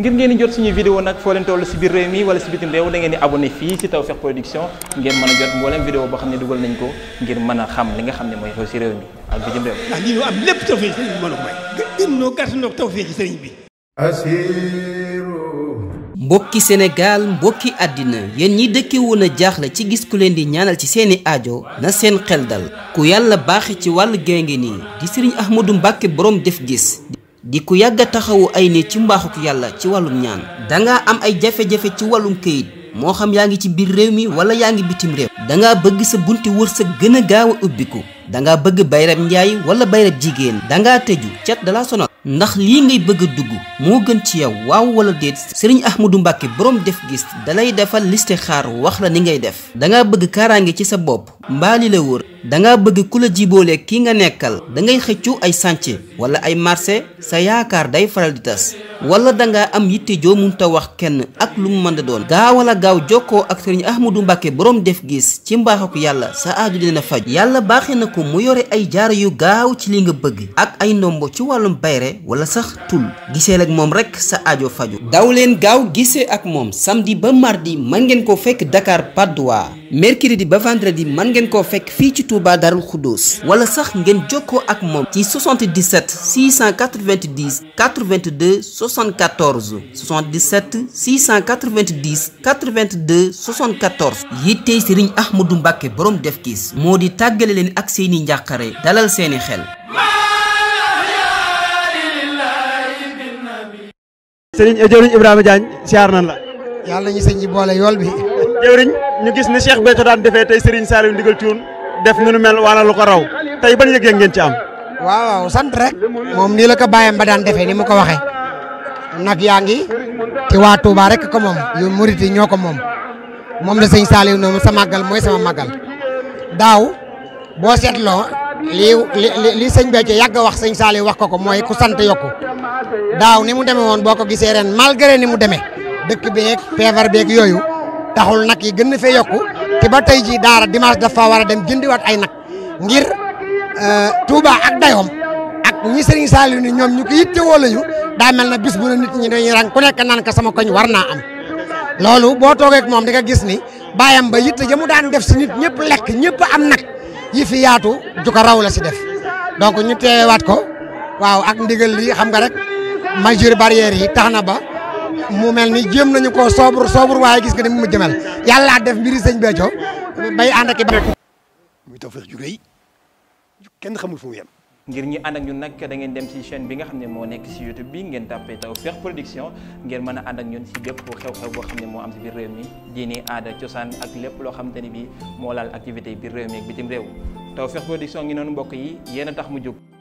ngir ngeen di jot suñu vidéo nag foo leen toll si biir réew mi wala si bitim réew da ngeen di abonné fii si Tawfekh Production ngeen mën a jot mboolem boo xam ne dugal nañ ko ngir mën a xam li nga xam ne mooy xew si réew mi am lépp tawfeex sëriñ bi mën a may. gën noo gàtt noo tawfeex sëriñ bi. mbokki Sénégal mbokki àddina yéen ñi dëkkee woon a jaaxle ci gis ku leen di ñaanal ci seeni aajo na seen xel dal ku yàlla baaxi ci wàllu genge nii di sëriñ Ahmadou Mbacke boroom def gis di ku yàgg a taxawu ay nit ci mbaaxuk yàlla ci wàllum ñaan dangaa am ay jafe-jafe ci wàllum këyit moo xam yaa ngi ci biir réew mi wala yaa ngi bitim réew dangaa bëgg sa bunt wër sa gën a gaaw a ubbiku dangaa bëgg bayrab njaay wala bayrab jigéen dangaa tëju cat dala sonal ndax lii ngay bëgg a dugg moo gën ci yow waaw wala déet sëriñ Ahmadou Mbàkke borom def gis dalay defal liste xaar wax la ni ngay def dangaa bëgg kaaraange ci sa bopp mbaa li la wër danga bëgg ku la jiboole ki nga nekkal dangay xëccu ay sànce wala ay marché sa yaakaar day faral di tas wala danga am yitte joo munta wax kenn ak lu mu mën a doon gaawal a gaaw jokkoo ak sëriñ Ahmadou Mbacke borom def gis ci mbaaxu yàlla sa aaju dina faj yàlla baaxee na ko mu yore ay jaaro yu gaaw ci li nga bëgg ak ay ndombo ci wàllum bayre wala sax tul gisee ak moom rek sa aajo faju daw leen gaaw gisee ak moom samedi ba mardi ma ngeen ko fekk Dakar Patte mercredi ba vendredi mën ngeen koo fekk fii ci Touba Darou Khoudoss wala sax ngeen jokkoo ak moom ci 77 690 82 74 77 690 82 74 yittey Serigne Ahmadou Mbacke borom def kiis moo di tàggale leen ak seeni njàqare dalal seeni xel. Serigne jëwriñ Ibrahima Diagne siyaar nan la. yàlla ñu sëñ bi boole yool bi. ñu gis ni Cheikh Béthio daan defee tey Serigne Saliou ndigal Thioune def nu nu mel wala lu ko raw tey ban yëg-yëg ngeen ci am. waaw waaw sant rek moom nii la ko bàyyam ba daan defee ni mu ko waxee nag yaa ngi ci waa Touba rek ko moom yu murit ñoo ko moom moom la sëñ Saliou noonu sa màggal mooy sama màggal daaw boo seetloo lii li li sëñ Béthio yàgg wax sëñ Saliou wax ko ko mooy ku sant yokku daaw ni mu demee woon boo ko gisee ren malgré ni mu demee dëkk beeg feebar beeg yooyu taxul nag yi gën na fee yokku te ba tey ji daara dimanche dafa war a dem jëndiwaat ay nag ngir euh, Touba ak dayoom ak ñi Serigne Saliou ni ñoom ñu ko yittewoo lañu daa mel na bis bu ne nit ñi ku nekk nan ka sama koñ war na am loolu boo toogee moom di nga gis ni bàyyam ba yitte ja mu daan def si nit ñëpp lekk ñëpp am nag yi fi yaatu ju ko la si def donc ñu teewaat ko waaw ak ndigal li xam nga rek mesures barrières yi tax na ba. mu mel ni jéem nañu koo soobur soobur waaye gis nga ni mu jëmel yàlla def mbiri sëñ Béthio bay ànd ak i ba. muy Tawfekh ju rëy kenn xamul fu mu yem. ngir ñu ànd ak ñun nag da ngeen dem ci chaine bi nga xam ne moo nekk ci YouTube bi ngeen tàppee Tawfekh Production ngeen mën a ànd ak ñun ci bépp xew-xew boo xam ne moo am ci biir réew mi diini aada cosaan ak lépp loo xamante ni bi moo laal activité biir réew mi ak bitim réew Tawfekh Production ngi mbokk yi yéen a tax mu jóg.